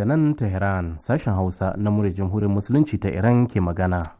daga nan Iran: sashen Hausa na muryar Jamhuriyar Musulunci ta Iran ke magana.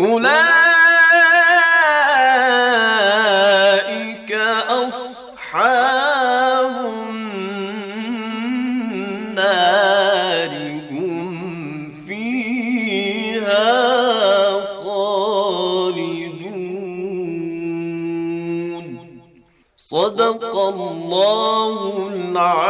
أولئك أصحاب النار هم فيها خالدون صدق الله العظيم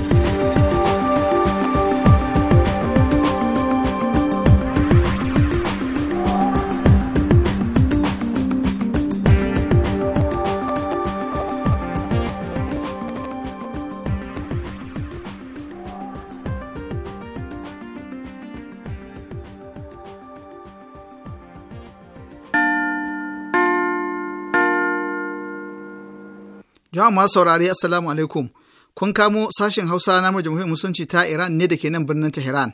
Jama'a masu saurari Assalamu alaikum. Kun kamo sashen Hausa na Jamhuriyar Musulunci ta Iran ne da ke nan birnin Tehran.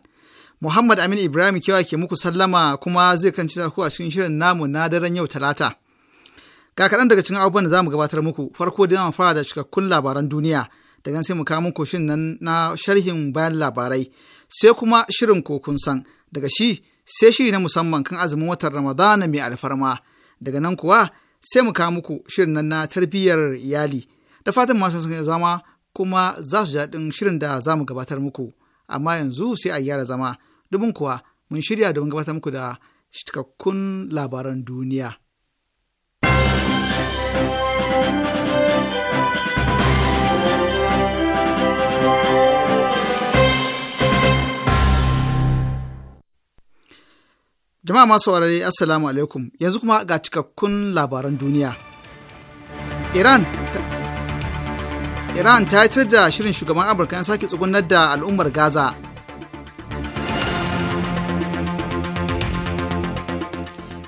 Muhammad Aminu Ibrahim kewa ke muku sallama kuma zai kan cita ku a cikin shirin namu na daren yau Talata. Ga kaɗan daga cikin abubuwan da za mu gabatar muku farko da mu fara da cikakkun labaran duniya daga sai mu kamo muku shirin nan na sharhin bayan labarai sai kuma shirin ko kun san daga shi sai shiri na musamman kan azumin watan Ramadana mai alfarma daga nan kuwa sai mu kawo muku shirin nan na tarbiyyar iyali Da fatan masu sun zama kuma za su daɗin shirin da za mu gabatar muku, amma yanzu sai a yara zama, domin kuwa mun shirya domin gabatar muku da cikakkun labaran duniya. Jama'a masu warare Assalamu alaikum yanzu kuma ga cikakkun labaran duniya. Iran ta iran ta yi da shirin shugaban amurka ya sake tsugunar da al'ummar gaza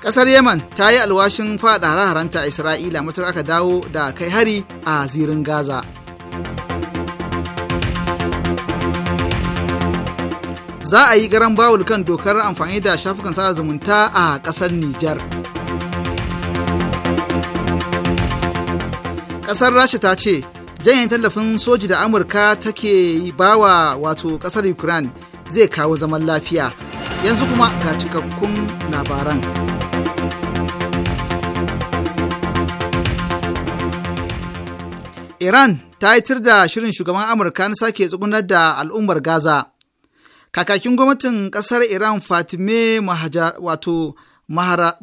kasar yemen ta yi alwashin fada hare-harenta isra'ila matar aka dawo da kai hari a zirin gaza za a yi garan bawul kan dokar amfani da shafukan sada zumunta a kasar nijar kasar rasha ta ce janyen tallafin soji da amurka take bawa wato kasar ukraine zai kawo zaman lafiya yanzu kuma ga cikakkun labaran iran ta haitar da shirin shugaban amurka na sake tsugunar da al'ummar gaza kakakin gwamnatin kasar iran fatime wato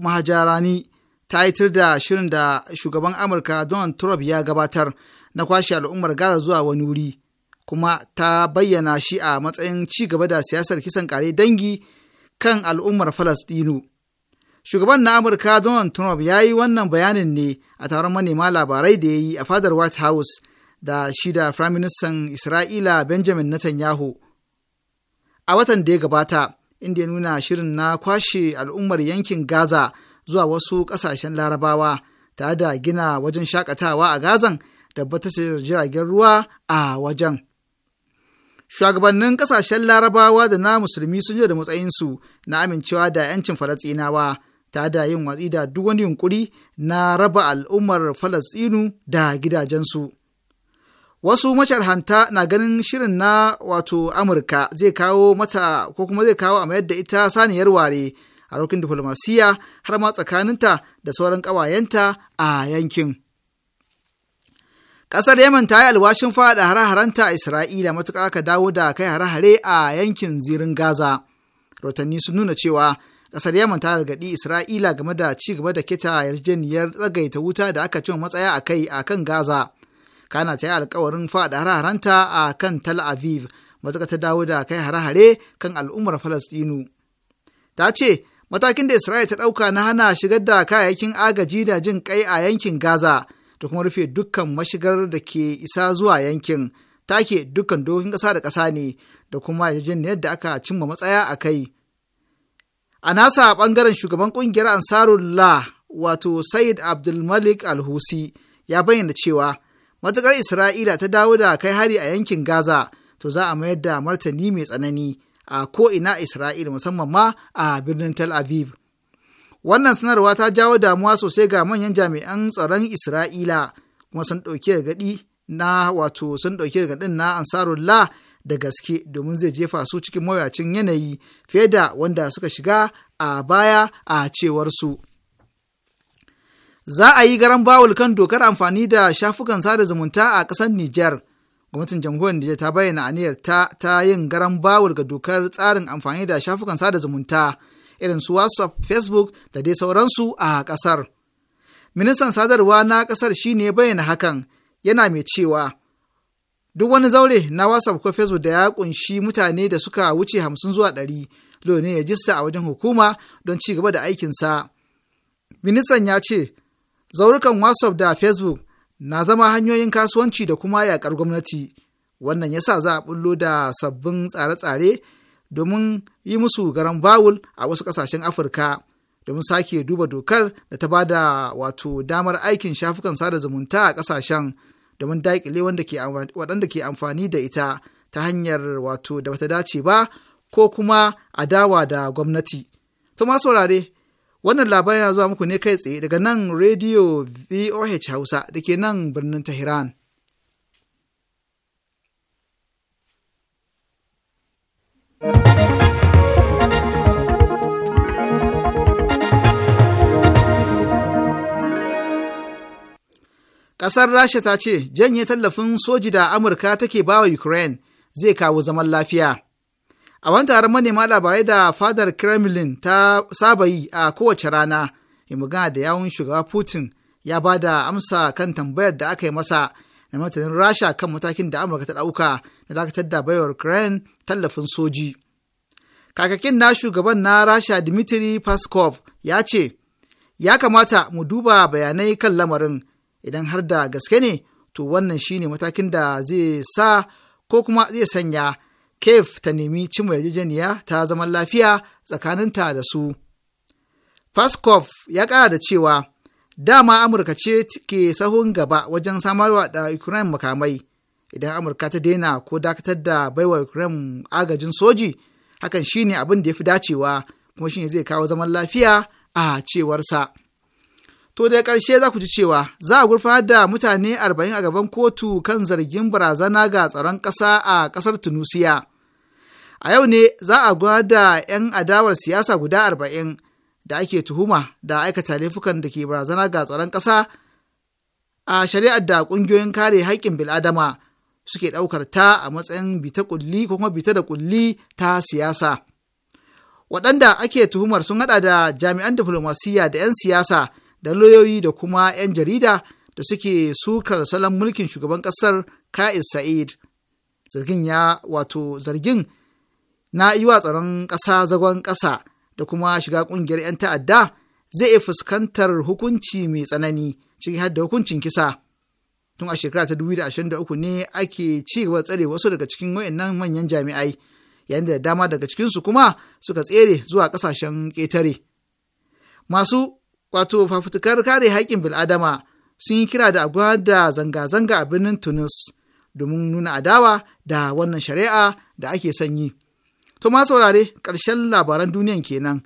mahajarani ta haitar da shirin da shugaban amurka donald trump ya gabatar na kwashe al'ummar Gaza zuwa wani wuri, kuma ta bayyana shi a matsayin ci gaba da siyasar kisan kare dangi kan al'ummar Falastinu. Shugaban na Amurka Donald Trump ya yi wannan bayanin ne a taron manema labarai da ya yi a fadar White House da shi da Firaministan Isra'ila Benjamin Netanyahu. A watan da ya gabata, inda ya nuna shirin na kwashe al'ummar yankin Gaza zuwa wasu ƙasashen Larabawa tare da gina wajen shakatawa a Gazan da jiragen ruwa a wajen. Shugabannin ƙasashen larabawa da na musulmi sun da matsayinsu na amincewa da 'yancin Falasɗinawa ta da yin watsi da duk wani yunkuri na raba al'ummar Falasɗinu da gidajensu. Wasu masharhanta na ganin shirin na wato Amurka zai kawo mata ko kuma zai kawo a mayar da ita saniyar ware a rokin diflomasiyya har ma tsakaninta da sauran ƙawayenta a yankin. Ƙasar Yemen ta yi alwashin faɗa hare-harenta a Isra'ila matuƙar aka dawo da kai hare-hare a yankin zirin Gaza. Rotanni sun nuna cewa ƙasar Yemen ta gargaɗi Isra'ila game da ci gaba da keta yarjejeniyar tsagaita wuta da aka cin matsaya a kai a kan Gaza. Kana ta yi alkawarin faɗa hare-harenta a kan Tel Aviv matuƙar ta dawo da kai hare-hare kan al'ummar Falastinu. Ta ce matakin da Isra'ila ta ɗauka na hana shigar da kayayyakin agaji da jin kai a yankin Gaza. da kuma rufe dukkan mashigar da ke isa zuwa yankin take dukkan dokokin ƙasa da ƙasa ne da kuma yarjejeniyar da aka cimma matsaya a kai. A nasa ɓangaren shugaban ƙungiyar Ansarullah wato Said Abdulmalik Alhusi ya bayyana cewa matuƙar Isra'ila ta dawo da kai hari a yankin Gaza to za a mayar da martani mai tsanani a ko ko'ina Isra'ila musamman ma a birnin Tel Aviv. Wannan sanarwa ta jawo damuwa sosai ga manyan jami'an tsaron Isra'ila kuma sun ɗauki gaɗi na wato sun ɗauki gaɗin na Ansarullah da gaske domin zai jefa su cikin mawuyacin yanayi fiye da wanda suka shiga a baya a cewar su. Za a yi garan bawul kan dokar amfani da shafukan sada zumunta a ƙasar Nijar. gwamnatin jamhuriyar Nijar ta bayyana aniyar ta ta yin garan bawul ga dokar tsarin amfani da shafukan sada zumunta irin su WhatsApp, Facebook da dai sauransu a ƙasar. Ministan sadarwa na ƙasar shi ne bayyana hakan yana mai cewa duk wani zaure na WhatsApp ko Facebook da ya ƙunshi mutane da suka wuce hamsin zuwa ɗari dole ne ya jista a wajen hukuma don ci gaba da aikinsa. Ministan ya ce zaurukan WhatsApp da Facebook na zama hanyoyin kasuwanci da kuma yaƙar gwamnati. Wannan yasa za a bullo da sabbin tsare-tsare domin yi musu garan bawul a wasu ƙasashen afirka domin sake duba dokar da ta bada wato damar aikin shafukan sada zumunta a ƙasashen domin daƙile waɗanda ke amfani da ita ta hanyar wato da bata dace ba ko kuma a dawa da gwamnati. To ma saurare, wannan labarin yana zuwa muku ne kai tsaye daga nan Radio VOH Hausa da ke nan birnin Tehran. Ƙasar Rasha ta ce janye tallafin soji da Amurka take wa Ukraine zai kawo zaman lafiya. A wani taron manema labarai da fadar Kremlin ta saba yi a kowace rana, mai magana da yawun shugaba Putin ya ba da amsa kan tambayar da aka yi masa na martanin Rasha kan matakin da Amurka ta ɗauka na dakatar da baiwar Ukraine tallafin soji. Kakakin na shugaban na Rasha Dmitry Peskov ya ce, Ya kamata mu duba bayanai kan lamarin idan har da gaske ne to wannan shine matakin da zai sa ko kuma zai sanya kef ta nemi cimma yarjejeniya ta zaman lafiya tsakaninta da su faskov ya kara da cewa dama amurka ce ke sahun gaba wajen samarwa da ukraine makamai idan amurka ta daina ko dakatar da baiwa ukraine agajin soji hakan shine abin da ya fi dacewa kuma shine zai kawo zaman lafiya a cewarsa. To da ƙarshe za ku ji cewa za a gurfanar da mutane arba'in a gaban kotu kan zargin barazana ga tsaron ƙasa a ƙasar Tunusiya. A yau ne za a gudanar da 'yan adawar siyasa guda arba'in da ake tuhuma da aikata laifukan da ke barazana ga tsaron ƙasa a shari'ar da ƙungiyoyin kare haƙƙin bil'adama suke ɗaukar ta a matsayin bita kulli ko kuma bita da kulli ta siyasa. Waɗanda ake tuhumar sun haɗa da jami'an diflomasiyya da 'yan siyasa da lauyoyi da kuma 'yan jarida da suke sukar salon mulkin shugaban ƙasar Ka'is Sa'id. Zargin ya wato zargin na yi tsaron ƙasa zagon ƙasa da kuma shiga ƙungiyar 'yan ta'adda zai iya fuskantar hukunci mai tsanani ciki har da hukuncin kisa. Tun a shekara ta 2023 ne ake ci gaba tsare wasu daga cikin wayannan manyan jami'ai, yayin da dama daga cikinsu kuma suka tsere zuwa ƙasashen ƙetare. Masu wato fafutukar kare haƙƙin bil'adama sun yi kira da agwa da zanga-zanga a birnin tunis domin nuna adawa da wannan shari'a da ake sanyi to ma saurare ƙarshen labaran duniyan kenan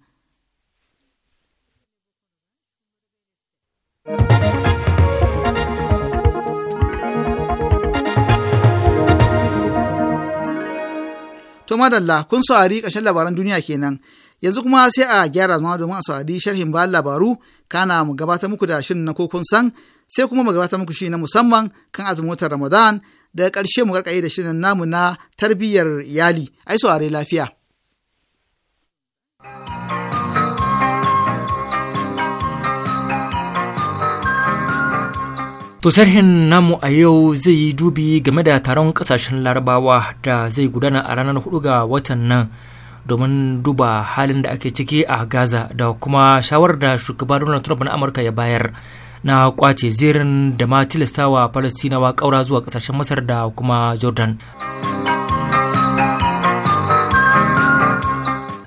to madalla kun saurari ƙarshen labaran duniya kenan Yanzu kuma sai a gyara zama domin a saurari sharhin bayan labaru kana mu gabatar muku da shirin na kokon san sai kuma mu gabatar muku shi na musamman kan azumin watan Ramadan daga ƙarshe mu karkaye da shirin namu na tarbiyyar iyali. Ai saurare lafiya. To sharhin namu a yau zai yi dubi game da taron kasashen larabawa da zai gudana a ranar 4 ga watan nan domin duba halin da ake ciki a gaza da kuma shawarar da shugaba donald trump na amurka ya bayar na kwace zirin da ma tilastawa falastinawa kaura zuwa kasashen masar da kuma jordan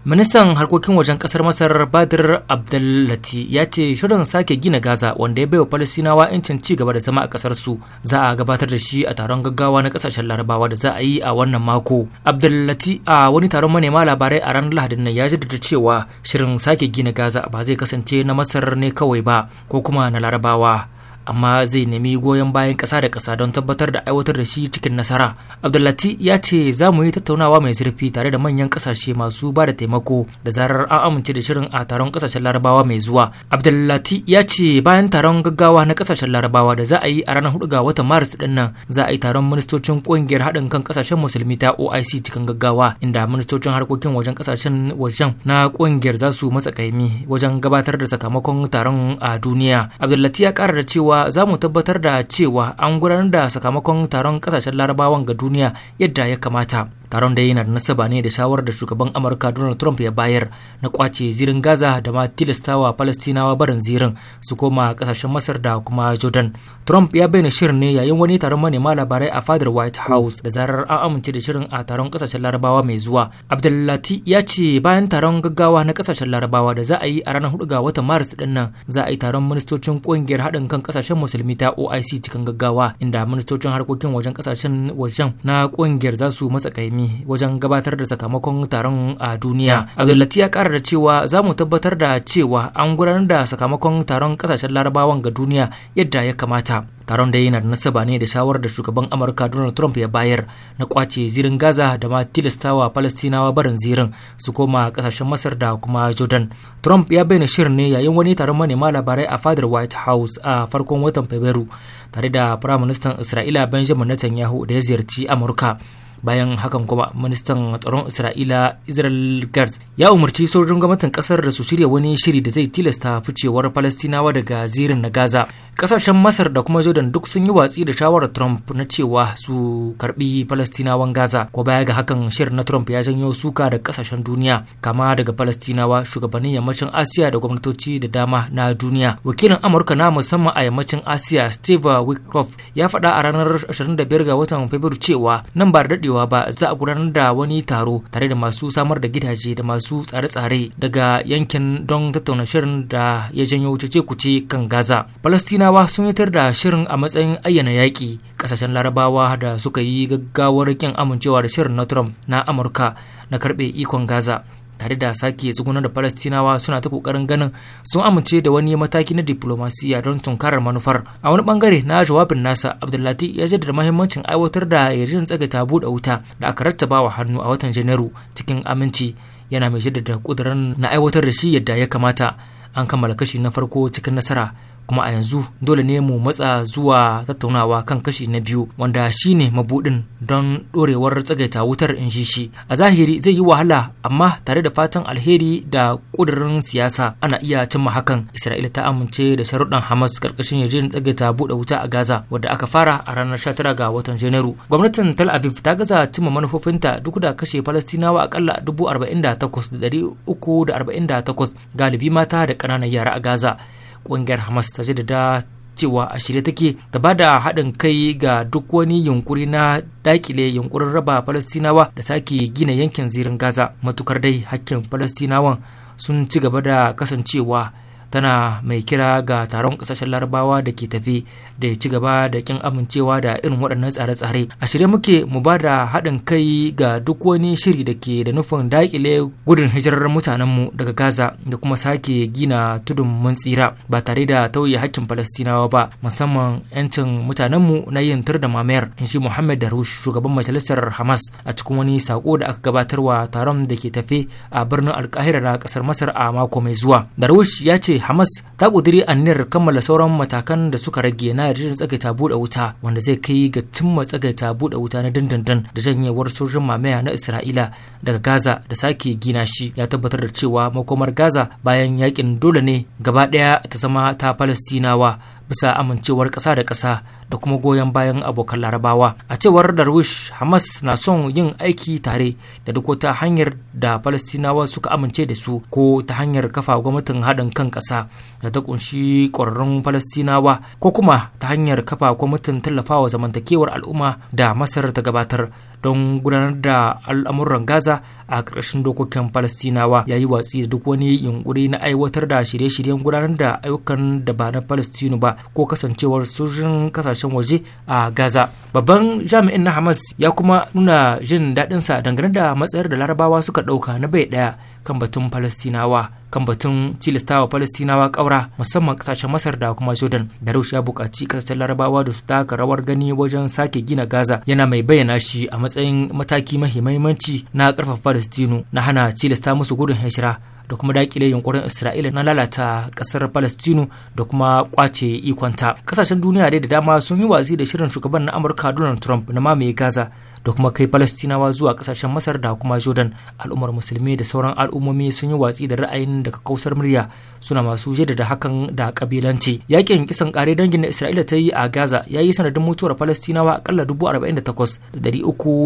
ministan harkokin wajen kasar masar badir abdullati ya ce shirin sake gina gaza wanda ya baiwa falasinawa 'yancin ci gaba da zama a kasar su za a gabatar da shi a taron gaggawa na kasashen larabawa da za a yi a wannan mako abdullati a wani taron manema labarai a ranar lahadin nan ya jaddada cewa shirin sake gina gaza ba zai kasance na masar ne kawai ba ko kuma na larabawa amma zai nemi goyon bayan ƙasa da ƙasa don tabbatar da aiwatar da shi cikin nasara abdullati ya ce za mu yi tattaunawa mai zurfi tare da manyan ƙasashe masu ba da taimako da zarar an amince da shirin a taron ƙasashen larabawa mai zuwa abdullati ya ce bayan taron gaggawa na ƙasashen larabawa da za a yi a ranar hudu ga watan maris din nan za a yi taron ministocin ƙungiyar haɗin kan ƙasashen musulmi ta oic cikin gaggawa inda ministocin harkokin wajen ƙasashen wajen na ƙungiyar za su matsa kaimi wajen gabatar da sakamakon taron a duniya abdullati ya ƙara da cewa cewa za mu tabbatar da cewa an gudanar da sakamakon taron kasashen larabawan ga duniya yadda ya kamata taron da yana da nasaba ne da shawar da shugaban amurka donald trump ya bayar na kwace zirin gaza da ma tilastawa palestinawa barin zirin su koma kasashen masar da kuma jordan trump ya bayyana shirin ne yayin wani taron manema labarai a fadar white house da zarar an amince da shirin a taron kasashen larabawa mai zuwa abdullati ya ce bayan taron gaggawa na kasashen larabawa da za a yi a ranar hudu ga watan maris din nan za a yi taron ministocin kungiyar haɗin kan kasashen musulmi ta oic cikin gaggawa inda ministocin harkokin wajen kasashen wajen na kungiyar za su matsa kaimi ne wajen gabatar da sakamakon taron a duniya abdullati ya kara da cewa za mu tabbatar da cewa an gudanar da sakamakon taron kasashen larabawan ga duniya yadda ya kamata taron da yana da nasaba ne da shawarar da shugaban amurka donald trump ya bayar na kwace zirin gaza da ma tilastawa falastinawa barin zirin su koma kasashen masar da kuma jordan trump ya bayyana shirin ne yayin wani taron manema labarai a fadar white house a farkon watan fabrairu tare da firaministan isra'ila benjamin netanyahu da ya ziyarci amurka bayan hakan kuma ministan tsaron isra'ila israel gertz ya umarci sojojin gwamnatin kasar da su shirya wani shiri da zai tilasta ficewar falastinawa daga zirin na gaza kasashen masar da kuma jordan duk sun yi watsi da shawarar trump na cewa su karbi falastinawan gaza ko baya ga hakan shirin na trump ya janyo suka da kasashen duniya kama daga falastinawa shugabannin yammacin asiya da gwamnatoci da dama na duniya wakilin amurka na musamman a yammacin asiya steve wickoff ya faɗa a ranar 25 ga watan fabrairu cewa nan ba da dadewa ba za a gudanar da wani taro tare da masu samar da gidaje da masu tsare-tsare daga yankin don tattauna shirin da ya janyo cece-kuce kan gaza palestina Falasɗinawa sun yitar da shirin a matsayin ayyana yaƙi ƙasashen larabawa da suka yi gaggawar kin amincewa da shirin na Trump na Amurka na karɓe ikon Gaza tare da sake tsugunar da Falastinawa suna ta kokarin ganin sun amince da wani mataki na diplomasiya don tunkarar manufar. A wani bangare na jawabin nasa, Abdullati ya jaddada mahimmancin aiwatar da tsaga ta buɗe wuta da aka rattaba wa hannu a watan Janairu cikin aminci yana mai jaddada kudirin na aiwatar da shi yadda ya kamata. An kammala kashi na farko cikin nasara kuma a yanzu dole ne mu matsa zuwa tattaunawa kan kashi na biyu wanda shine mabudin don dorewar tsagaita wutar in shi shi a zahiri zai yi wahala amma tare da fatan alheri da ƙudurin siyasa ana iya cimma hakan isra'ila ta amince da sharuɗan hamas karkashin yarjejeniyar tsagaita buɗe wuta a gaza wadda aka fara a ranar 19 ga watan janairu gwamnatin tel aviv ta gaza cimma manufofinta duk da kashe falastinawa akalla 48,348 galibi mata da ƙananan yara a gaza ƙungiyar hamas ta jaddada cewa a shirye take ta ba da haɗin kai ga duk wani yunkuri na dakile yunkurin raba falastinawa da sake gina yankin zirin gaza matukar dai hakkin falastinawan sun ci gaba da kasancewa tana mai kira ga taron kasashen larabawa da ke tafi da ya ci gaba da kin amincewa da irin waɗannan tsare-tsare a shirye muke mu ba da haɗin kai ga duk wani shiri da ke da nufin daƙile gudun hijirar mutanenmu daga gaza da kuma sake gina tudun mun tsira ba tare da tauye hakkin falastinawa ba musamman 'yancin mutanenmu na yin tur da mamayar in shi muhammad darush shugaban majalisar hamas a cikin wani sako da aka gabatarwa taron da ke tafe a birnin alkahira na kasar masar a mako mai zuwa darush ya ce hamas ta ƙudiri aniyar kammala sauran matakan da suka rage na yarjejen tsagaita buɗe wuta wanda zai kai ga cimma tsagaita buɗe wuta na dandandan da janyewar sojin mamaya na isra'ila daga gaza da sake gina shi ya tabbatar da cewa makomar gaza bayan yakin dole ne gaba ɗaya ta zama ta falastinawa bisa amincewar ƙasa da ƙasa da kuma goyon bayan abokan larabawa a cewar darwish hamas na son yin aiki tare da duk wata hanyar da falastinawa suka amince da su ko ta hanyar kafa gwamnatin haɗin kan ƙasa da ta ƙunshi ƙwararrun falastinawa ko kuma ta hanyar kafa gwamnatin tallafawa zamantakewar al'umma da masar ta gabatar don gudanar da al'amuran gaza a ƙarshen dokokin falastinawa ya yi watsi da duk wani yunkuri na aiwatar da shirye-shiryen gudanar da ayyukan da ba na falastinu ba ko kasancewar sojin kasa kasashen waje a gaza babban jami'in na hamas ya kuma nuna jin daɗinsa dangane da matsayar da larabawa suka ɗauka na bai ɗaya kan batun falastinawa kan batun wa falastinawa ƙaura musamman ƙasashen masar da kuma jordan da ya buƙaci kasashen larabawa da su taka rawar gani wajen sake gina gaza yana mai bayyana shi a matsayin mataki mahimmanci na ƙarfafa falastinu na hana cilista musu gudun hijira da kuma dakile yunkurin isra'ila na lalata kasar palestinu da kuma kwace ikonta kasashen duniya dai da dama sun yi watsi da shirin shugaban na amurka donald trump na mamaye gaza da kuma kai falastinawa zuwa kasashen masar da kuma jordan al'ummar musulmi da sauran al'ummomi sun yi watsi da ra'ayin daga kausar murya suna masu jaddada hakan da kabilanci yakin kisan kare dangin da isra'ila ta yi a gaza ya yi sanadin mutuwar falastinawa akalla dubu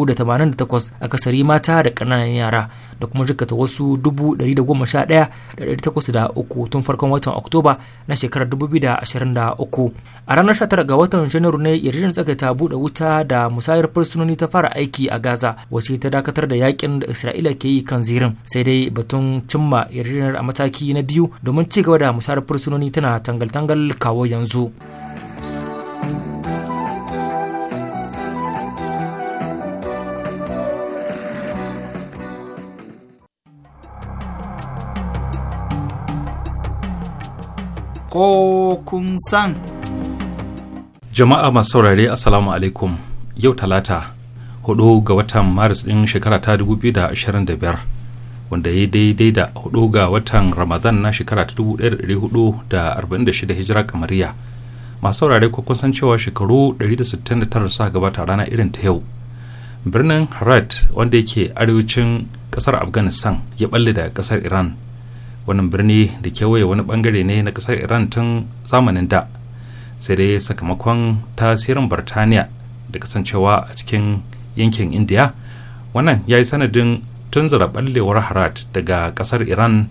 da akasari mata da ƙananan yara da kuma jikata wasu dubu tun farkon watan oktoba na shekarar 2023. a ranar 19 ga watan janairu ne yarjejen tsakaita buɗe wuta da musayar fursunoni ta fara fara aiki a Gaza wace ta dakatar da yakin da Isra'ila ke yi kan zirin sai dai batun cimma yarjejeniyar a mataki na biyu domin ci gaba da musayar fursunoni tana tangal-tangal kawo yanzu. Ko kun san. Jama'a masu saurare Assalamu alaikum yau talata 4 ga watan maris ɗin shekara ta 2025 wanda ya daidai da 4 ga watan ramadan na shekara ta 1446 hijira kamariya masu saurare ko san cewa shekaru 169 suka gabata rana irin ta yau birnin harat wanda yake arewacin kasar afghanistan ya balle da kasar iran wannan birni da kewaye wani bangare ne na kasar iran tun zamanin da sai dai sakamakon tasirin birtaniya da kasancewa a cikin yankin indiya wannan ya yi sanadin tunzura ballewar harat daga kasar iran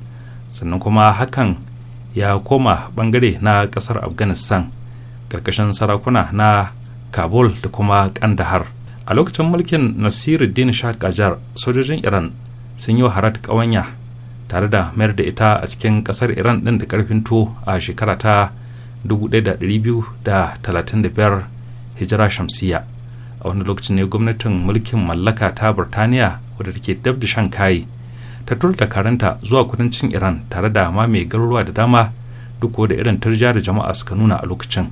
sannan kuma hakan ya koma bangare na kasar afghanistan karkashin sarakuna na kabul da kuma kandahar a lokacin mulkin nasiruddin shah qajar sojojin iran sun yi wa harat ƙawanya tare da mayar da ita a cikin kasar iran din da ƙarfin to a shekara ta 1235 hijira shamsiyya a wani lokacin ne gwamnatin mulkin mallaka ta burtaniya wadda take dab da shan kayi ta turta karanta zuwa kudancin iran tare da ma mai garuruwa da dama duk da irin turja da jama'a suka nuna a lokacin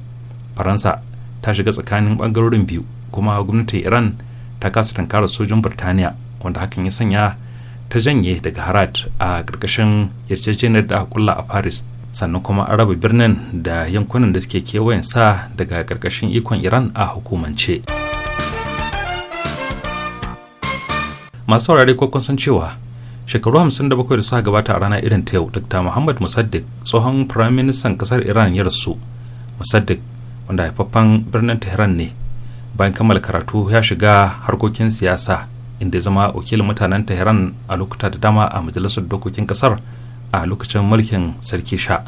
faransa ta shiga tsakanin bangarorin biyu kuma gwamnatin iran ta kasa tankarar sojin burtaniya wanda hakan ya sanya ta janye daga harat a ƙarƙashin yarjejeniyar da kulla a paris sannan kuma an raba birnin da yankunan da suke kewayen sa daga ƙarƙashin ikon iran a hukumance. masu saurari ko kun san cewa shekaru 57 da suka gabata a rana irin ta yau dr muhammad musaddiq tsohon firaministan kasar iran ya rasu musaddiq wanda haifaffen birnin tehran ne bayan kammala karatu ya shiga harkokin siyasa inda ya zama wakilin mutanen tehran a lokuta da dama a majalisar dokokin kasar a lokacin mulkin sarki sha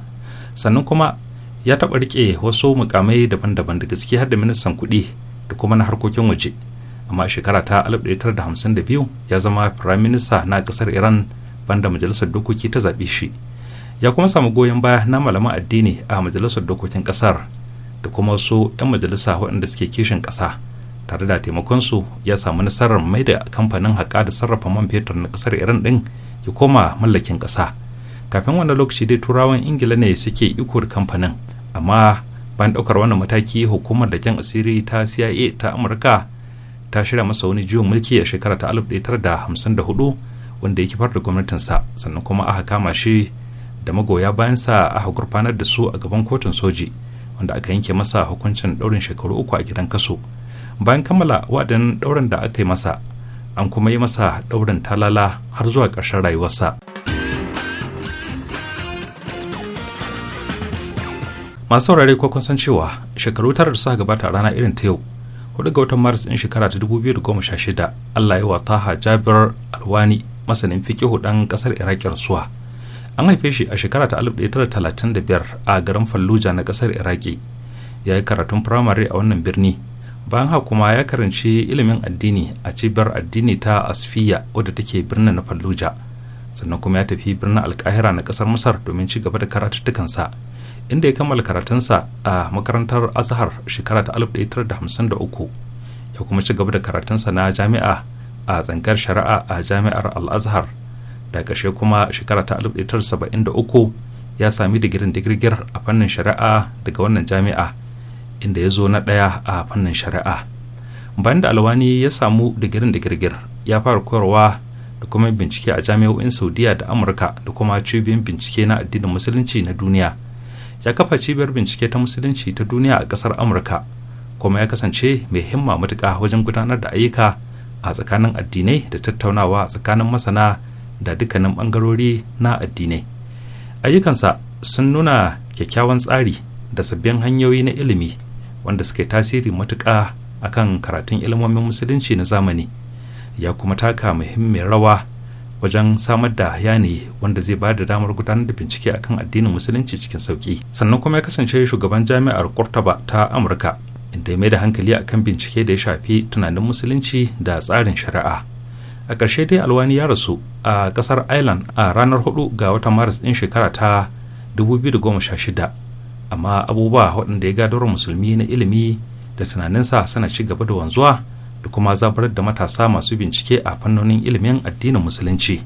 sannan kuma ya taɓa rike wasu mukamai daban-daban da gaske har da ministan kuɗi da kuma na harkokin waje amma shekara ta 1952 ya zama firayim minista na kasar iran banda majalisar dokoki ta zaɓe shi ya kuma samu goyon baya na malaman addini a majalisar dokokin kasar da kuma wasu 'yan majalisa waɗanda suke kishin ƙasa tare da taimakonsu ya samu nasarar mai da kamfanin haƙa da sarrafa man fetur na ƙasar iran ɗin ya koma mallakin ƙasa kafin wannan lokaci dai turawan ingila ne suke iko da kamfanin amma bayan ɗaukar wannan mataki hukumar da kyan asiri ta cia ta amurka ta shirya masa wani juyin mulki a shekara ta 1954 wanda ya kifar da gwamnatinsa sannan kuma aka kama shi da magoya bayansa aka gurfanar da su a gaban kotun soji wanda aka yanke masa hukuncin daurin shekaru uku a gidan kaso bayan kammala wa'adin ɗaurin da aka yi masa an kuma yi masa ɗaurin talala har zuwa ƙarshen rayuwarsa masu saurare ko kun san cewa shekaru tara da suka gabata a rana irin ta yau hudu ga watan maris din shekara ta 2016 allah ya wa taha jabir alwani masanin fikihu dan kasar Iraq rasuwa an haife shi a shekara ta 1935 a garin fallujah na kasar iraq ya yi karatun firamare a wannan birni bayan haka kuma ya karanci ilimin addini a cibiyar addini ta asfiya wadda take birnin na fallujah sannan kuma ya tafi birnin alkahira na kasar masar domin ci gaba da karatuttukansa inda ya kammala karatunsa a makarantar azhar shekara ta 1953 ya kuma ci gaba da karatunsa na jami'a a tsangar shari'a a jami'ar al-azhar da ƙarshe kuma shekara ta 1973 ya sami digirin digirgir a fannin shari'a daga wannan jami'a inda ya zo na ɗaya a fannin shari'a bayan da alwani ya samu digirin digirgir ya fara koyarwa da kuma bincike a jami'o'in saudiya da amurka da kuma cibiyoyin bincike na addinin musulunci na duniya ya kafa cibiyar bincike ta musulunci ta duniya a ƙasar amurka kuma ya kasance mai himma matuƙa wajen gudanar da ayyuka a tsakanin addinai da tattaunawa a tsakanin masana da dukkanin ɓangarori na addinai ayyukansa sun nuna kyakkyawan tsari da sabbin hanyoyi na ilimi wanda suke tasiri matuƙa akan karatun ilimomin musulunci na zamani ya kuma taka muhimmin rawa wajen samar da yani wanda zai ba da damar gudanar da bincike akan addinin musulunci cikin sauki sannan kuma ya kasance shugaban jami'ar kurtaba ta amurka inda ya mai da hankali akan bincike da ya shafi tunanin musulunci da tsarin shari'a a ƙarshe dai alwani ya rasu a ƙasar ireland a ranar 4 ga watan maris ɗin shekara ta 2016 amma abubuwa waɗanda ya gadar musulmi na ilimi da tunaninsa sana ci gaba da wanzuwa da kuma zabarar da matasa masu bincike a fannonin ilimin addinin musulunci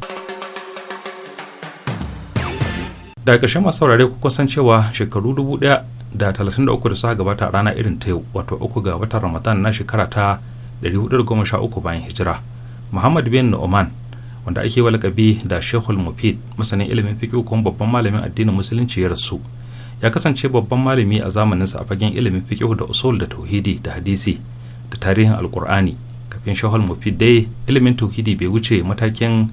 da ƙarshe masu saurare ku kusan cewa shekaru dubu ɗaya da talatin da uku da suka gabata a rana irin ta yau wato uku ga watan ramadan na shekara ta ɗari uku bayan hijira muhammad bin nu'man wanda ake walakabi da shehul mufid masanin ilimin fiƙi kuma babban malamin addinin musulunci ya rasu ya kasance babban malami a zamaninsa a fagen ilimin fiƙihu da usul da tauhidi da hadisi da tarihin alkur'ani kafin shahal mufid dai ilimin tauhidi bai wuce matakin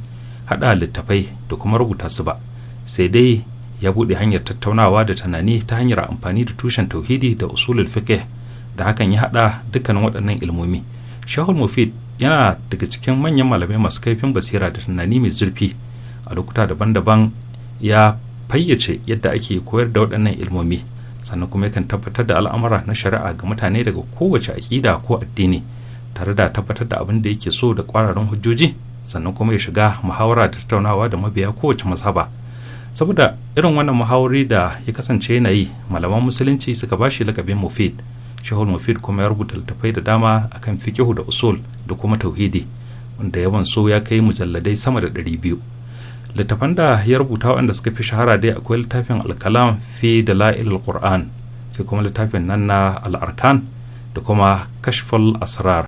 hada littafai da kuma rubuta su ba sai dai ya buɗe hanyar tattaunawa da tunani ta hanyar amfani da tushen tauhidi da usulul fiqh da hakan ya hada dukkanin waɗannan ilmomi shahul mufid yana daga cikin manyan malamai masu kaifin basira da tunani mai zurfi a lokuta daban-daban ya fayyace yadda ake koyar da waɗannan ilmomi sannan kuma yakan tabbatar da al'amura na shari'a ga mutane daga kowace aƙida ko addini tare da tabbatar da abin da yake so da ƙwararrun hujjoji sannan kuma ya shiga muhawara da tattaunawa da mabiya kowace mazhaba saboda irin wannan muhawari da ya kasance yana yi malaman musulunci suka ba shi lakabin mufid shehul mufid kuma ya rubuta littattafai da dama akan fiqihu da usul da kuma tauhidi wanda yawan so ya kai mujalladai sama da 200 littafan da ya rubuta wanda suka fi shahara dai akwai littafin alkalam fi da la'ilul qur'an sai kuma littafin nan na al'arkan da kuma kashful asrar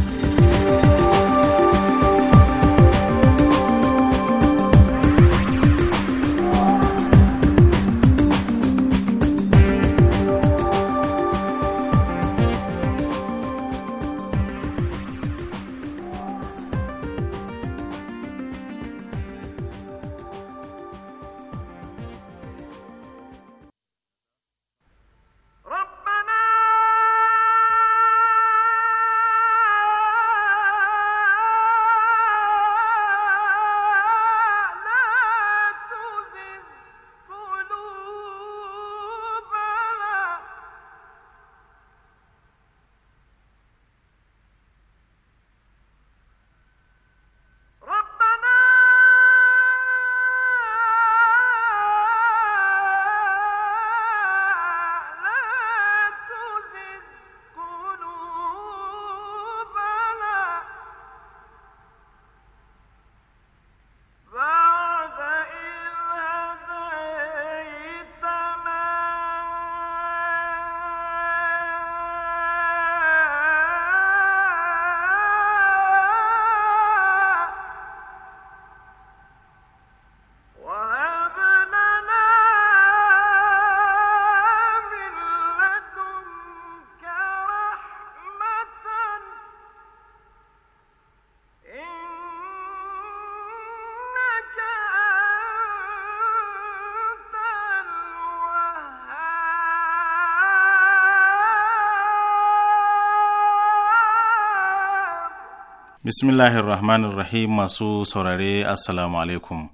Bismillahir Rahmanir Rahim masu saurare Assalamu alaikum.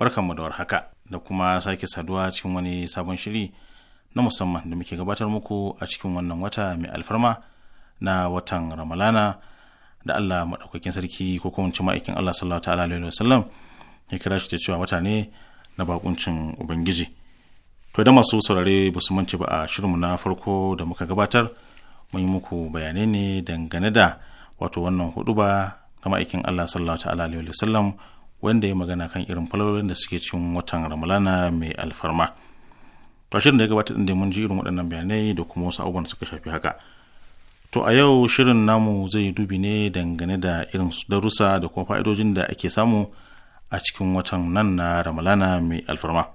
Barkanmu da warhaka da kuma sake saduwa cikin wani sabon shiri na musamman da muke gabatar muku a cikin wannan wata mai alfarma na watan Ramalana da Allah maɗaukakin sarki ko kuma ci ma'aikin Allah sallallahu ta'ala alaihi sallam ya kira shi da cewa wata ne na bakuncin Ubangiji. To da masu saurare ba su mance ba a shirinmu na farko da muka gabatar mun yi muku bayanai ne dangane da wato wannan huduba na ma'aikin Allah sallallahu ta'ala alaihi sallam wanda ya magana kan irin falalolin da suke cikin watan Ramalana mai alfarma. To shirin da ya gabata inda mun ji irin waɗannan bayanai da kuma wasu abubuwan suka shafi haka. To a yau shirin namu zai dubi ne dangane da irin darussa da kuma fa'idojin da ake samu a cikin watan nan na Ramalana mai alfarma.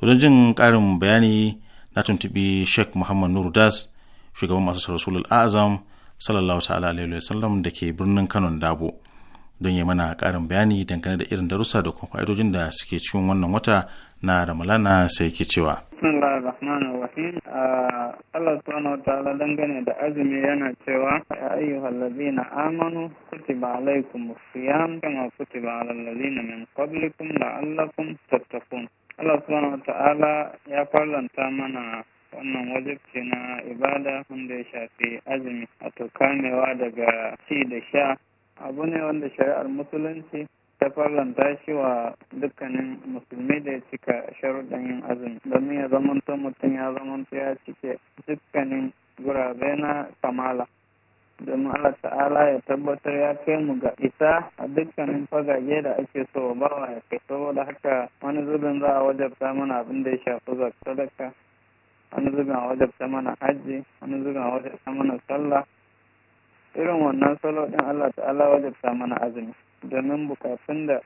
Wajen jin ƙarin bayani na tuntuɓi Sheikh Muhammad Nuru Das, shugaban masu rasulul a'azam. sallallahu ta'ala alaihi wasallam da ke birnin kanon dabo don ya mana karin bayani dangane da irin darussa da kuma fa'idojin da suke cikin wannan wata na ramalana sai ke cewa bismillah rahim ah, Allah subhanahu wa ta'ala dangane da azumi yana cewa ya ayyuhal ladina amanu kutiba alaykum as-siyam kama kutiba alal ladina min qablikum la'allakum tattaqun Allah subhanahu wa ta'ala ya farlanta mana wannan wajibci na ibada wanda ya shafi azumi a kamewa daga ci da sha abu ne wanda shari'ar musulunci ta farlanta shi wa dukkanin musulmi da ya cika sharuɗan yin azumi domin ya zamanto mutum ya zamanto ya cike dukkanin gurabe na kamala domin Allah ta'ala ya tabbatar ya kai mu ga isa a dukkanin fagage da ake so wa bawa ya kai saboda haka wani zubin za a wajabta mana abin da ya shafi zakka sadaka wani zubin a wajabta mana hajji wani zubin a wajabta mana sallah irin wannan salo ɗin allah ta'ala wajabta mana azumi domin bukatun da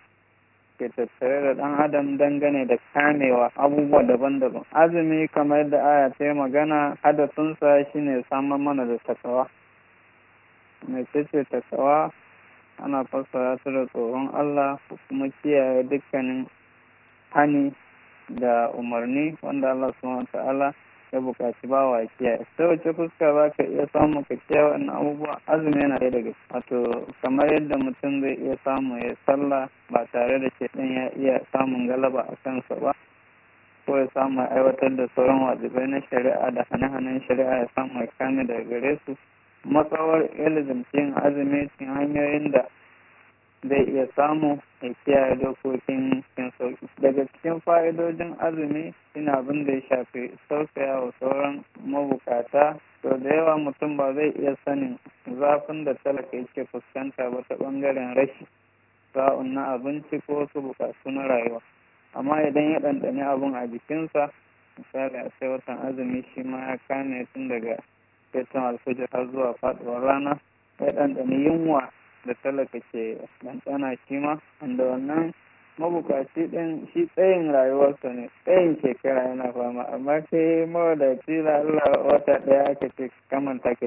ke tattare da ɗan adam dangane da kamewa abubuwa daban-daban azumi kamar yadda aya ta yi magana hadasunsa shine samar mana da takawa mai takawa ana fassara su da tsoron allah kuma kiyaye dukkanin hani da umarni wanda allah subhanahu ta'ala ka bukaci ba ya kiyaye ta wace fuska za ka iya samu ka kiyaye wannan abubuwa azumi yana ɗaya daga wato kamar yadda mutum zai iya samu ya sallah ba tare da shaidan ya iya samun galaba a kansa ba ko ya samu aiwatar da sauran wajibai na shari'a da hane-hanen shari'a ya samu ya kame daga gare su matsawar ilimin azumi cikin hanyoyin da zai iya samu ya kiyaye dokokin cikin sauki. Daga cikin fa'idodin azumi ina abin da ya shafi sauƙaya wa sauran mabukata sau da yawa mutum ba zai iya sanin zafin da talaka yake fuskanta ba ta ɓangaren rashi sa'un na abinci ko wasu buƙatu na rayuwa amma idan ya ɗanɗani abin a jikinsa misali a sai watan azumi shi ma ya kame tun daga fetan alfijir har zuwa faɗuwar rana ya ɗanɗani yunwa da talaka ke ɗanɗana shi ma wanda wannan mabukaci ɗin shi tsayin rayuwarsa ne tsayin shekara yana fama amma sai mawadaci da Allah wata ɗaya aka ce kamanta ka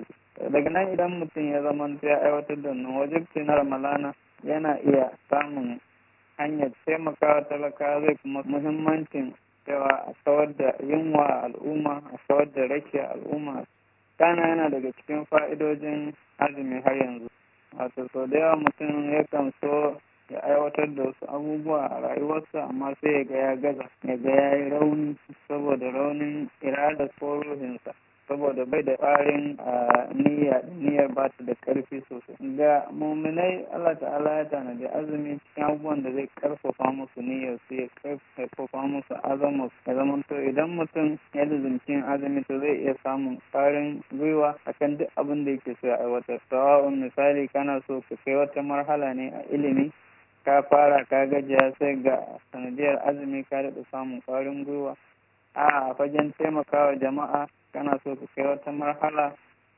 daga nan idan mutum ya zama ya aiwatar da nan wajibci na ramalana yana iya samun hanyar taimakawa talaka zai kuma muhimmancin cewa a kawar da yunwa al'umma a kawar da rakiya al'umma kana yana daga cikin fa'idojin azumi har yanzu wato sau da yawa mutum yakan so ya aiwatar da wasu abubuwa a rayuwarsa amma sai ya ga ya gaza ya ga ya yi rauni saboda raunin irada ko ruhinsa saboda bai da ƙwarin niyya niyyar ba ta da ƙarfi sosai ga muminai Allah ta'ala ya tanadi azumi cikin abubuwan da zai karfafa musu niyyar su ya karfafa musu azamus ya zama to idan mutum ya zumcin azumi to zai iya samun ƙwarin gwiwa akan duk abin da yake so ya aiwatar sawa'un misali kana so ka kai wata marhala ne a ilimi ka fara ka gajiya sai ga sanadiyar azumi ka daɗa samun ƙwarin gwiwa a fagen taimakawa jama'a kana so ka kai wata marhala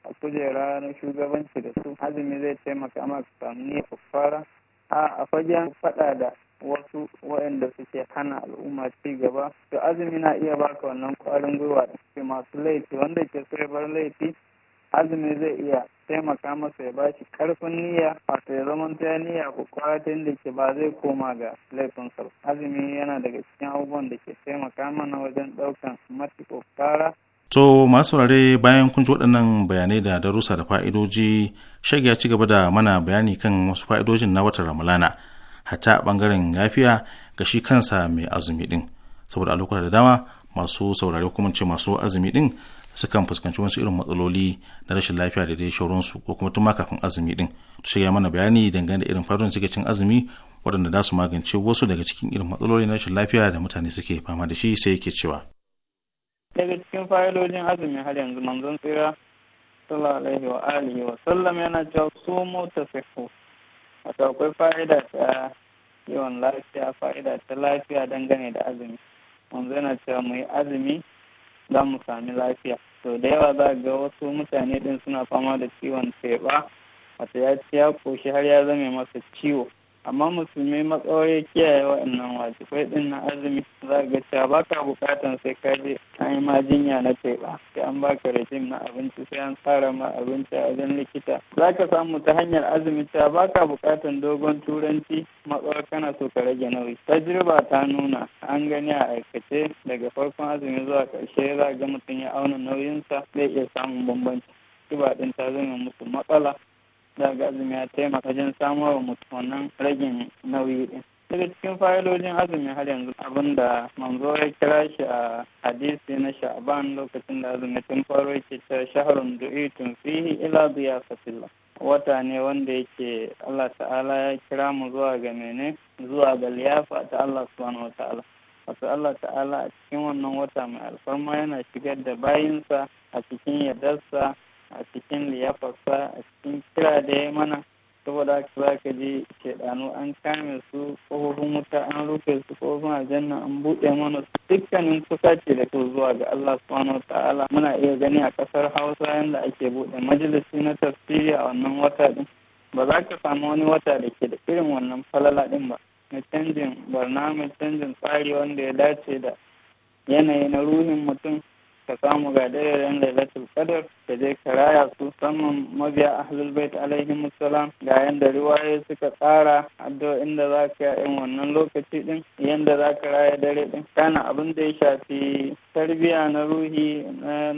a kujera na shugabanci da su azumi zai taimaka ma ka samu ne fara a fagen faɗa da wasu waɗanda suke hana al'umma ci gaba to azumi na iya baka wannan kwarin gwiwa da masu laifi wanda ke sai bar laifi azumi zai iya taimaka masa ya bashi karfin niyya wato ya zama ta niyya ko kwatin da ke ba zai koma ga laifin ba azumi yana daga cikin abubuwan da ke taimaka mana wajen ɗaukan mafi kokara To masu saurare bayan kun ji waɗannan bayanai da darussa da fa'idoji, shagi ya ci gaba da mana bayani kan wasu fa'idojin na watan Ramalana, hatta bangaren yafiya ga shi kansa mai azumi din Saboda a lokuta da dama masu saurare kuma ce masu azumi din. sukan fuskanci wasu irin matsaloli na rashin lafiya da dai shauransu ko kuma tun ma kafin azumi din to shiga mana bayani dangane da irin farin suke cin azumi waɗanda za su magance wasu daga cikin irin matsaloli na rashin lafiya da mutane suke fama da shi sai yake cewa daga cikin failojin azumi har yanzu manzon tsira sallallahu alaihi wa sallam yana cewa sumu tasihhu wato akwai fa'ida ta yawan lafiya fa'ida ta lafiya dangane da azumi manzo yana cewa mu yi azumi za mu sami lafiya to da yawa za ga wasu mutane din suna fama da ciwon teba, wata ya ci ya ƙoshi har ya zame masa ciwo amma musulmi matsawar ya kiyaye waɗannan wajibai ɗin na azumi za ga cewa ba ka bukatan sai ka je an yi ma jinya na teɓa sai an baka rajim na abinci sai an tsara ma abinci a wajen likita za ka samu ta hanyar azumi cewa ba ka bukatan dogon turanci matsawar kana so ka rage nauyi tajriba ta nuna an gani a aikace daga farkon azumi zuwa ƙarshe za ga mutum ya auna nauyinsa zai iya samun bambanci kiba ɗin ta zama musu matsala daga ga azumi ya taimaka wajen samar wa mutum wannan ragin nauyi din daga cikin fa'ilolin azumi har yanzu abin da manzo ya kira shi a hadisi na Sha'aban lokacin da azumi tun faro yake cewa shahrun du'itun fi ila diyafatillah wata ne wanda yake Allah ta'ala ya kira mu zuwa ga mene zuwa ga liyafa ta Allah subhanahu wa ta'ala wato Allah ta'ala a cikin wannan wata mai alfarma yana shigar da bayinsa a cikin yardarsa a cikin liyafarsa a cikin kira da ya mana saboda haka za ka ji shaidanu an kame su kofofin wuta an rufe su kofofin janna an buɗe mana su dukkanin kusa ce da to zuwa ga Allah subhanahu ta'ala muna iya gani a ƙasar Hausa yadda ake buɗe majalisi na tafsiri a wannan wata din ba za ka samu wani wata da ke da irin wannan falala din ba na canjin mai canjin tsari wanda ya dace da yanayi na ruhin mutum ka samu ga daren lailatul qadr ka je karaya su saman mabiya ahlul bait alaihim musallam ga yanda riwaye suka tsara addu'o'in da za ka yi wannan lokaci din yanda za ka raya dare din kana abin da ya shafi tarbiya na ruhi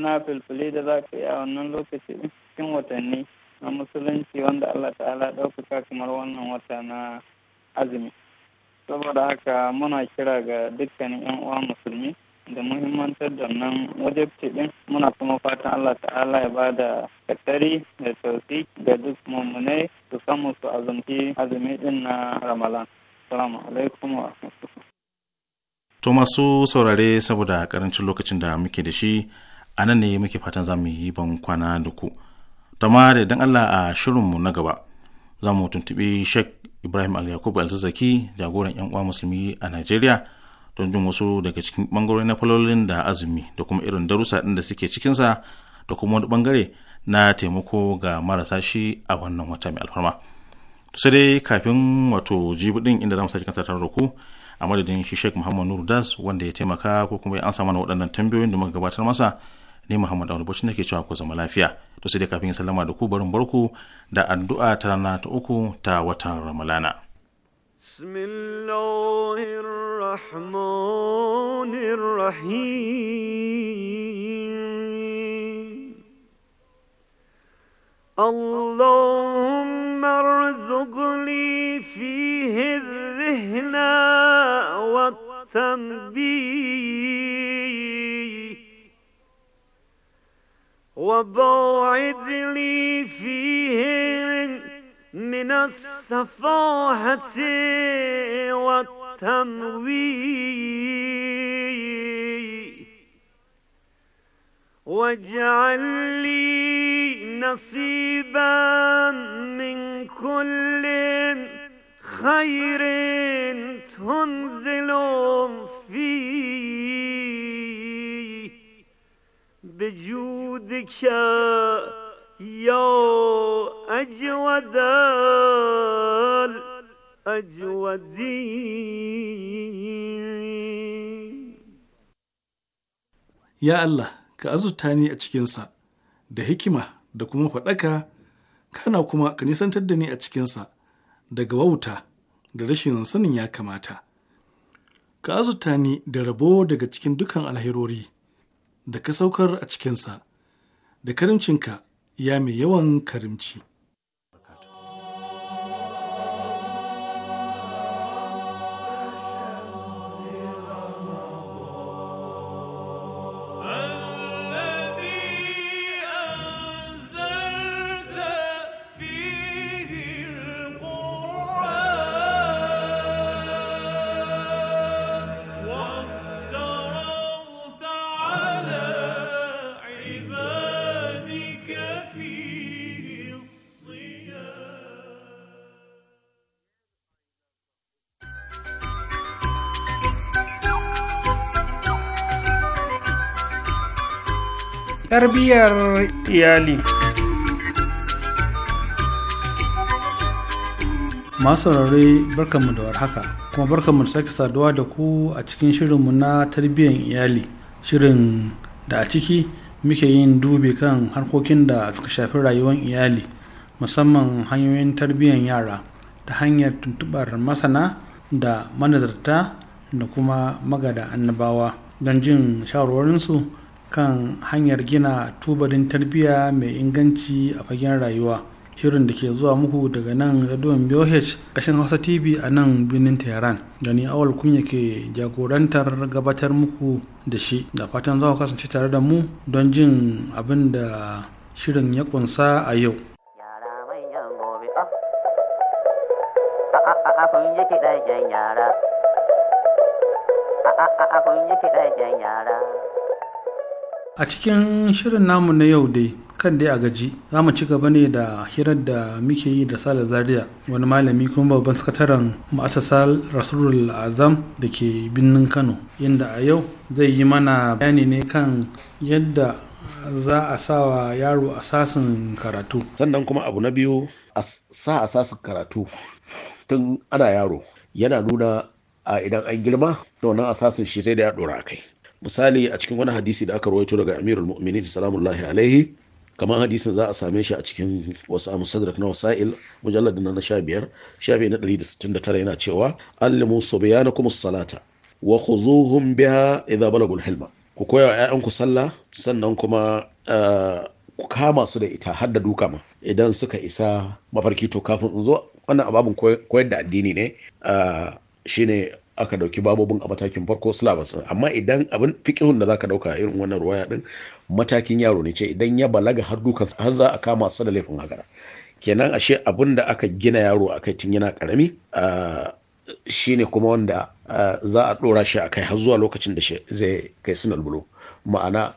na filfili da za ka yi a wannan lokaci din cikin watanni na musulunci wanda Allah ta'ala ɗaukaka kamar wannan wata na azumi saboda haka muna kira ga dukkanin 'yan uwa musulmi da muhimmantar da nan wajabci din muna kuma fatan Allah ta'ala ya ba da kattari da sauki ga duk mummunai su samu su azumci azumi din na ramalan salamu alaikum wa to masu saurare saboda karancin lokacin da muke da shi a nan ne muke fatan za mu yi ban kwana da ku da idan Allah a shirinmu na gaba za mu tuntuɓi Sheikh Ibrahim Al-Yakub Al-Zazaki jagoran 'yan uwa musulmi a Najeriya don jin wasu daga cikin bangarori na falolin da azumi da kuma irin darussa ɗin da suke cikinsa da kuma wani bangare na taimako ga marasa shi a wannan wata mai alfarma to sai dai kafin wato jibi ɗin inda zamu mu cikin kanta tare da ku a madadin shi sheik muhammad nur das wanda ya taimaka ko kuma ya ansa mana waɗannan tambayoyin da muka gabatar masa ne muhammad abu bacci nake cewa ku zama lafiya to sai dai kafin ya sallama da ku barin barku da addu'a ta rana ta uku ta watan ramalana. بسم الله الرحمن الرحيم اللهم ارزق لي فيه الذهن والتنبيه وباعد لي فيه من الصفاهة والتمويه واجعل لي نصيبا من كل خير تنزل فيه بجودك يا أجود يا الله ka azurta ni a cikinsa da hikima da kuma faɗaka kana kuma ka nisantar da ni a cikinsa daga wauta da rashin sanin ya kamata ka azurta ni da rabo daga cikin dukan alherori da ka saukar a cikinsa da karimcinka ya mai yawan karimci tarbiyyar iyali masu saurare barkanmu da warhaka kuma barkanmu da sake saduwa da ku a cikin shirinmu na tarbiyyar iyali shirin da a ciki muke yin dubi kan harkokin da suka shafi rayuwar iyali musamman hanyoyin tarbiyyar yara ta hanyar tuntubar masana da manazarta da kuma magada annabawa don jin shawarwarinsu kan hanyar gina tubalin tarbiyya mai inganci a fagen rayuwa shirin da ke zuwa muku daga nan radon BOH kashin Hausa TV a nan birnin Tehran da ni awal kunya ke jagorantar gabatar muku da shi da fatan za ku kasance tare da mu don jin abin da shirin ya kunsa a yau. yara a cikin shirin namu na yau dai kan dai a gaji za mu ci gaba ne da hirar da muke yi da sale zaria wani malami kuma babban sakataren ma'asasar rasulul azam da ke birnin kano inda a yau zai yi mana bayani ne kan yadda za a wa yaro asasin karatu sannan kuma abu na biyu a sa asasin karatu tun ana yaro yana nuna a idan an girma da wannan asasin shi sai da ya dora kai misali a cikin wani hadisi da aka rawaito daga amirul mu'minin salamullahi alaihi kamar hadisin za a same shi a cikin wasu musadrak na wasa'il mujalladin na sha biyar shafi na ɗari yana cewa allimu subiyana kuma salata wa khuzuhum biha idza balagul hilma ku koya wa ƴaƴanku sallah sannan kuma eh, ku kama su da ita har da duka ma idan suka isa mafarki to kafin in zo wannan ababun koyar da addini ne eh, shine aka dauki babobin a matakin farko syllabus amma idan abin fikihun da zaka dauka irin wannan ruwaya din matakin yaro ne ce idan ya balaga har dukan har za a kama su da laifin haka kenan ashe abin da aka gina yaro akai tun yana karami shine kuma wanda za a dora shi akai har zuwa lokacin da zai kai sunan bulo ma'ana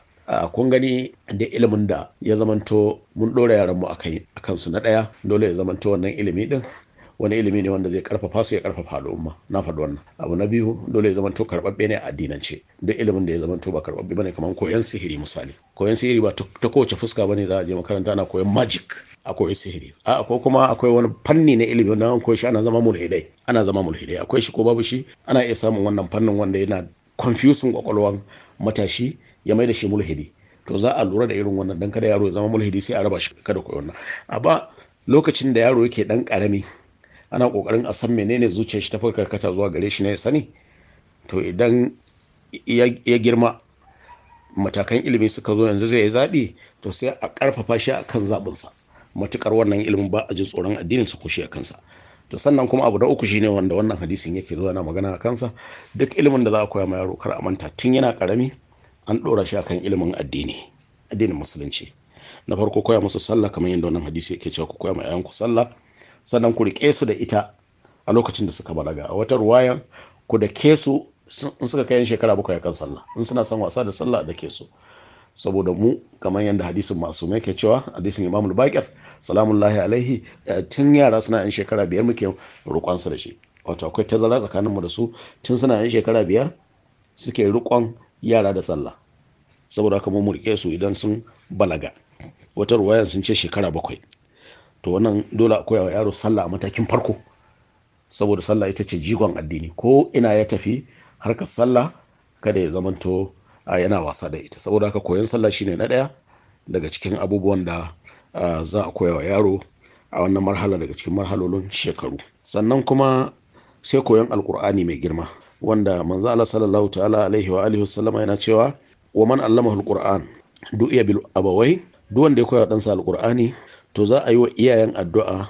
kun gani da ilimin da ya zamanto mun ɗora mu a kansu na ɗaya dole ya zamanto wannan ilimi din. wani ilimi ne wanda zai karfafa su ya karfafa al'umma na faɗi wannan abu na biyu dole ya zamanto karɓaɓɓe ne a addinance duk ilimin da ya zamanto ba karɓaɓɓe bane kamar koyon sihiri misali koyon sihiri ba ta kowace fuska bane za a je makaranta ana koyon magic a koyi sihiri a ko kuma akwai wani fanni na ilimi wanda an koyi shi ana zama mulhidai ana zama mulhidai akwai shi ko babu shi ana iya samun wannan fannin wanda yana confusing kwakwalwan matashi ya mai da shi mulhidi to za a lura da irin wannan dan kada yaro ya zama mulhidi sai a raba shi kada koyi wannan a ba lokacin da yaro yake dan karami ana kokarin a san menene zuciyar shi ta karkata zuwa gare shi ne ya sani to idan ya girma matakan ilimi suka zo yanzu zai yi zaɓi to sai a ƙarfafa shi akan zaɓinsa matukar wannan ilimin ba a ji tsoron addinin sa shi a kansa to sannan kuma abu da uku shine wanda wannan hadisin yake zuwa na magana a kansa duk ilimin da za a koya ma yaro kar a manta tun yana karami an ɗora shi akan ilimin addini addinin musulunci na farko koya musu sallah kamar yadda wannan hadisi yake cewa ku koya ma ku sallah sannan ku riƙe su da ita a lokacin da suka balaga a wata ruwayan ku da ke su in suka kai shekara bakwai kan sallah in suna son wasa da sallah da ke su saboda mu kamar yadda hadisin masu mai ke cewa hadisin imam al-baqir salamun lahi alaihi eh, tun yara suna yan shekara biyar muke roƙon da shi wato akwai tazara tsakaninmu da su tun suna yan shekara biyar suke rukon yara da sallah saboda haka mu riƙe su idan sun balaga wata ruwayan sun ce shekara bakwai to wannan dole a koya wa yaro sallah a matakin farko saboda sallah ita ce jigon addini ko ina ya tafi harkar sallah kada ya zamanto a yana wasa da ita saboda haka koyon sallah shine na ɗaya daga cikin abubuwan da za a koya wa yaro a wannan marhala daga cikin marhalolin shekaru sannan kuma sai koyon alkur'ani mai girma wanda manzo Allah sallallahu ta'ala alaihi wa alihi wasallama yana cewa wa man allama alkur'an du'iya bil abawai duk wanda ya koya sa alkur'ani to za a yi wa iyayen addu'a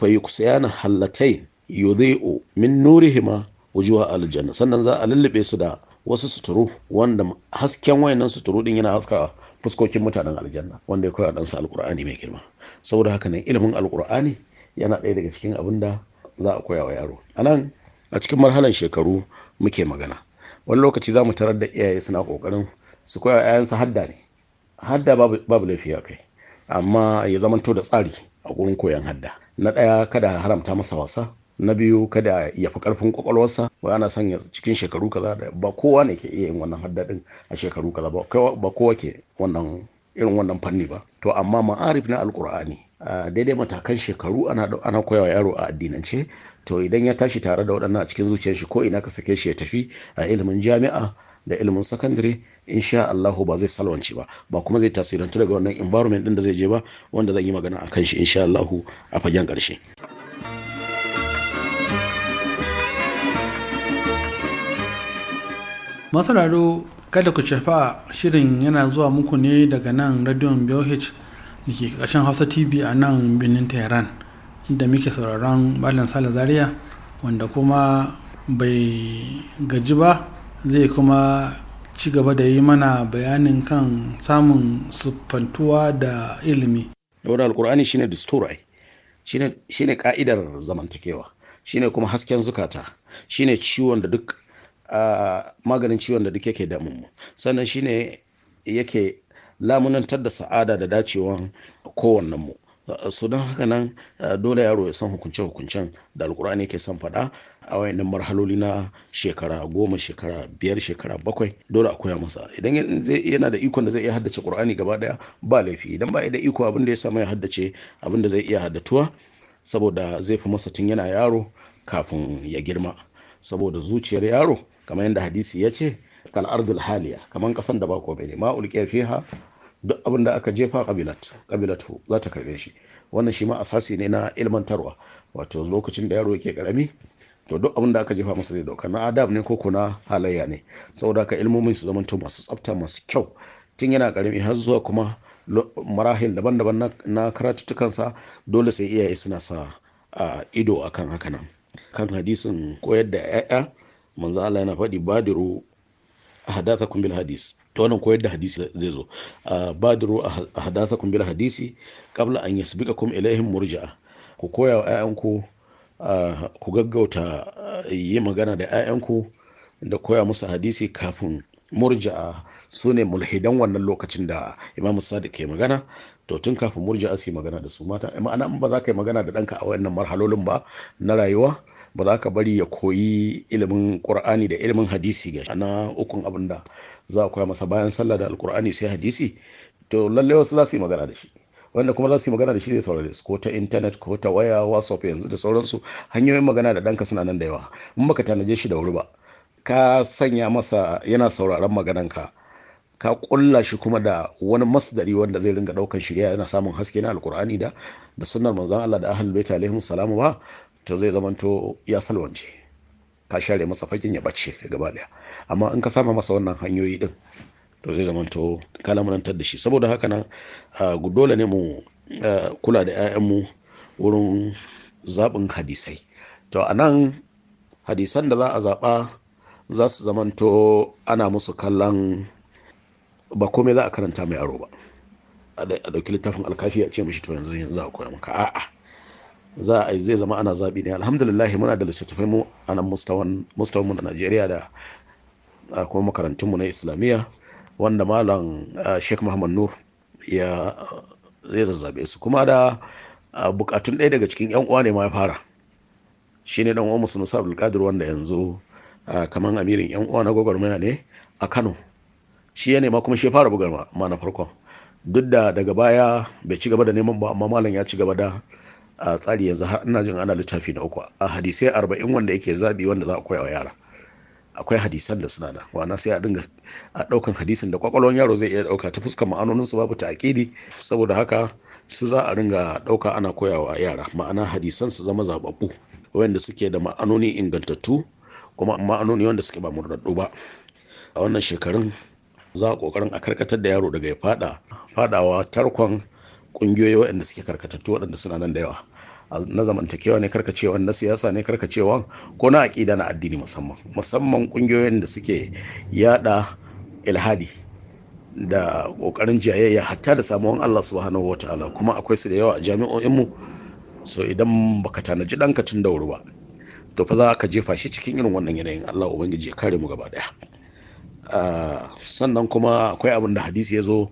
fa yuksiyana hallatai yudhi'u min nurihima wujuha aljanna sannan za a lullube su da wasu suturu wanda hasken wayannan suturu din yana haska fuskokin mutanen aljanna wanda ya koya su Alqur'ani mai girma saboda haka ne ilimin Alqur'ani yana ɗaya daga cikin abin da za a koya wa yaro anan a cikin marhalan shekaru muke magana wani lokaci za mu tarar da iyaye suna kokarin su koya 'ya'yansa hadda ne hadda babu lafiya kai amma ya zamanto da tsari a gurin koyon hadda na ɗaya kada haramta masa wasa na biyu kada ya fi karfin kwakwalwarsa ba ana son ya cikin shekaru kaza ba kowa ne ke iya yin wannan haddadin a shekaru kaza ba kowa ke wannan irin wannan fanni ba to amma ma'arif na alkur'ani daidai matakan shekaru ana koyawa yaro a addinance to idan ya tashi tare da waɗannan a cikin zuciyar shi ko ina ka sake shi ya tafi a ilimin jami'a da ilimin sakandare insha Allah ba zai salwance ba ba kuma zai tasirantu daga wannan environment din da zai je ba wanda zan yi magana akan shi insha Allah a fagen ƙarshe. masararo kada ku shafa shirin yana zuwa muku ne daga nan radion BOH da ke ƙarshen hausa tv a nan birnin tehran da muke sauraron malam sale zaria wanda kuma bai gaji ba zai kuma ci gaba da yi mana bayanin kan samun siffantuwa da ilimi Dauda alkur'ani shine shi ne ka'idar zamantakewa shi ne kuma hasken zukata ne ciwon da duk maganin ciwon da duk yake mu sannan shi ne yake lamunantar da sa'ada da dacewan kowannenmu Eh, su don haka nan eh, dole yaro ya san hukunce-hukuncen da alkur'ani ke son faɗa a wayannan marhaloli na shekara goma shekara biyar shekara bakwai dole a koya masa idan yana da ikon da zai iya haddace qur'ani gaba daya ba laifi idan ba da iko abin da ya samu ya haddace abin da zai iya haddatuwa saboda zai fi masa tun yana yaro kafin ya girma saboda zuciyar yaro kamar yadda hadisi ya ce kal ardul haliya kamar kasan da ba komai ne ma ulqiya fiha duk abin da aka jefa kabilat kabilatu za ta karbe shi wannan shi ma asasi ne na ilmantarwa wato lokacin da yaro yake karami to duk abin da aka jefa masa zai dauka na adab ne ko kuna halayya ne saboda ka ilmomin su zamanta masu tsafta masu kyau tun yana karami har zuwa kuma marahil daban-daban na karatuttukansa dole sai iyaye suna sa ido akan haka nan kan hadisin koyar da 'ya'ya manzo Allah yana faɗi badiru hadathakum bil hadis to wannan koyar da hadisi zai zo ah, badiru a hadasa kun hadisi kabla an kuma ilaihim murja'a ku koya wa ƴaƴanku ah, ku gaggauta ah, yi magana da 'ya'yanku da koya musu hadisi kafin murja'a su ne mulhidan wannan lokacin da imamu sadiq ke magana to tun kafin murja'a su yi magana da su mata ma'ana ba za ka yi magana da ɗanka a wayannan marhalolin ba na rayuwa ba za ka bari ya koyi ilimin qur'ani da ilimin hadisi ga shi. Ana ukun abin da za a koya masa bayan sallah da alkur'ani sai hadisi to lalle wasu za su yi magana da shi wanda kuma za su yi magana da shi zai saurare su ko ta intanet ko ta waya whatsapp yanzu da sauransu hanyoyin magana da danka suna nan da yawa in baka tanaje shi da wuri ba ka sanya masa yana sauraron maganan ka ka kulla shi kuma da wani masdari wanda zai ringa daukan shirya yana samun haske na alkur'ani da da sunnar manzon Allah da ahlul bait alaihimus salamu ba to zai zamanto ya salwance ka share masa fagen ya bace gaba daya amma in ka sama masa wannan hanyoyi din to zai zamanto ka lamurantar da shi saboda haka nan dole ne mu kula da mu wurin zaɓin hadisai to a nan hadisan da za a zaɓa za su to ana musu kallon ba komai za a karanta mai aro ba a ɗauki littafin alkafi a ce mishi to yanzu yanzu a koya maka a'a za a zai zama ana zaɓi ne alhamdulillah muna da littattafai mu a nan mustawan mu na najeriya da kuma makarantunmu na islamiyya wanda malam sheikh muhammad nur ya zai zazzabe su kuma da bukatun ɗaya daga cikin yan uwa ne ma ya fara ne ɗan uwan musu nusa abdulkadir wanda yanzu kamar amirin yan uwa na gwagwarmaya ne a kano shi ya nema kuma shi fara bugar ma na farkon duk da daga baya bai ci gaba da neman ba amma malam ya ci gaba da a tsari yanzu har ina jin ana littafi na uku a hadisai arba'in wanda yake zabi wanda za a koya wa yara akwai hadisan da suna da wana sai a dinga a daukan hadisin da kwakwalwan yaro zai iya dauka ta fuska, ma'anonin su babu ta saboda haka su za a ringa dauka ana koya wa yara ma'ana hadisan su zama zababbu wanda suke da ma'anoni ingantattu kuma ma'anoni wanda suke ba murdaddu ba a wannan shekarun za a kokarin a karkatar da yaro daga ya fada fadawa tarkon kungiyoyi waɗanda suke karkatattu waɗanda suna nan da yawa na zamantakewa ne karkacewa na siyasa ne karkacewa ko na aƙida na addini musamman musamman ƙungiyoyin da suke yada ilhadi da ƙoƙarin jayayya hatta da samuwan Allah subhanahu wataala kuma akwai su da yawa a jami'o'inmu so idan baka tanaji ɗanka tun da wuri ba to fa za ka jefa shi cikin irin wannan yanayin Allah ubangiji ya kare mu gaba daya sannan kuma akwai abin da hadisi ya zo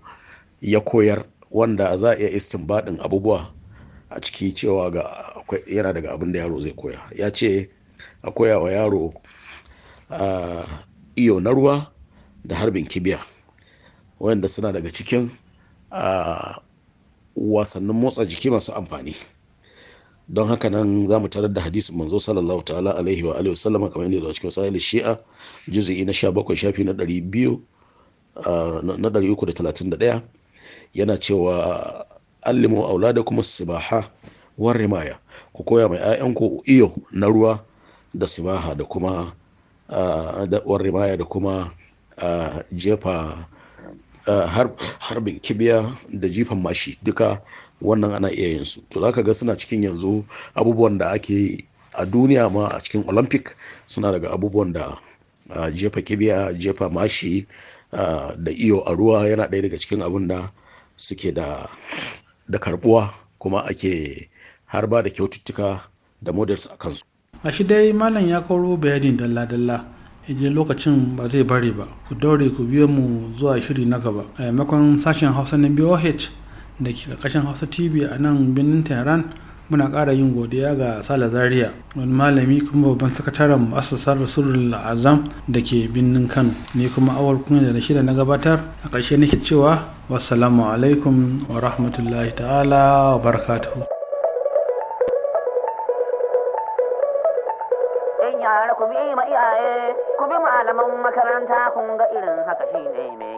ya koyar wanda za a iya istinbadin abubuwa a ciki cewa ga yana daga abin da yaro zai koya ya ce a koya wa yaro iyo na ruwa da harbin kibiya wanda suna daga cikin wasannin motsa jiki masu amfani don haka nan za mu tarar da hadisi manzo sallallahu ta'ala alaihi wa alihi wasallam kamar yadda cikin sahih shi'a juzu'i na 17 shafi na 200 na 331 yana cewa allimu kuma sibaha war rimaya ku koya mai 'ya'yanku iyo na ruwa da sibaha da kuma war rimaya da kuma jefa harbin kibiya da jifan mashi duka wannan ana iya yin su to zaka ga suna cikin yanzu abubuwan da ake a duniya ma a cikin olympic suna daga abubuwan da jefa kibiya jefa mashi da iyo a ruwa yana ɗaya daga cikin abin da suke da da karbuwa kuma ake har ba da kyaututtuka da models a kansu a shi dai malam ya koro bayanin dalla-dalla idan lokacin ba zai bari ba ku daure ku biyo mu zuwa shiri na gaba a maimakon sashen hausa na boh da ke hausa tv a nan birnin tehran muna ƙara yin godiya ga sala zaria wani malami kuma babban sakataren mu'assasar rasulul azam da ke birnin kano ne kuma awal kunya da shida na gabatar a ƙarshe nake cewa wassalamu alaikum wa rahmatullahi ta'ala wa barakatuhu malaman makaranta kun irin haka shi ne